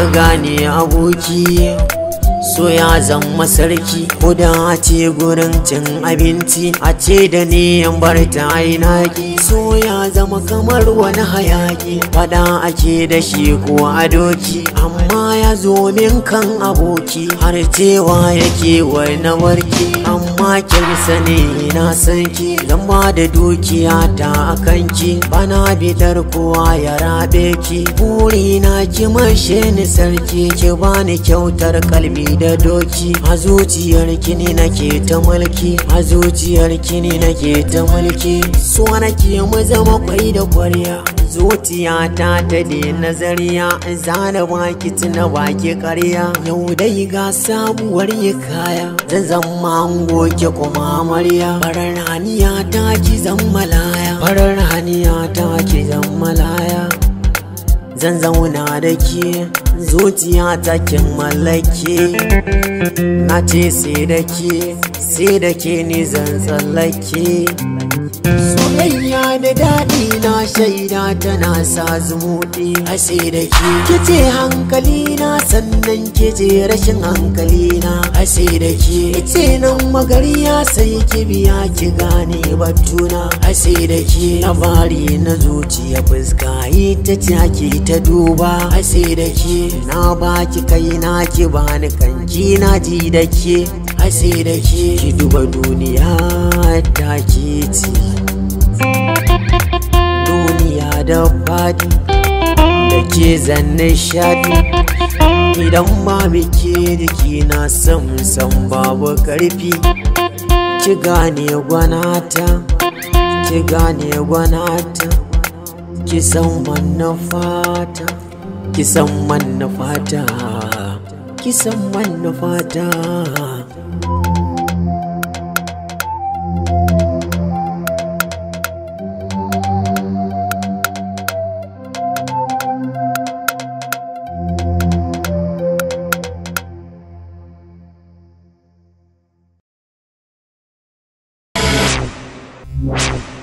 ka gane aboki so ya zama sarki ko da a ce gurin cin abinci a ce da niyan bar ta inaki so ya zama kamar wani hayaki fada ake da shi ko a doki amma ya zo min kan aboki har cewa yake wani warki amma kirsa ne na san ki zama da dukiya ta kanki bana bidar kowa ya rabe ki Burina ki mashe ni sarki ki bani kyautar kalbi da doki a zuciyar kini nake ta mulki a zuciyar kini nake ta mulki so nake mu zama kwai da kwarya zuciya ta ta de nazariya zana baki tuna baki karya yau dai ga sabuwar yi kaya zan zama goke kuma amarya farar haniya ta ki zan malaya farar haniya ta ki zan malaya zan zauna da ke zuciya takin mallake na ce sai da ke sai da ke ni zan tsallake soyayya da daɗi na shaida tana sa zumuɗi a sai da ke kice hankali na sannan je rashin hankali na katse da ke ice nan magari ya sai biya ki gane batuna katse da ke labari na zuciya fuska ita ce ake ta duba katse da ke na baki kai na ki bani kanki na ji da ke katse da ke ki duba duniya ta ke ci duniya da fadi muke zanne shaɗi idan ma muke jiki na san san babu karfi ki gane gwanata ki gane gwanata ki san manufata ki san manufata ki san manufata you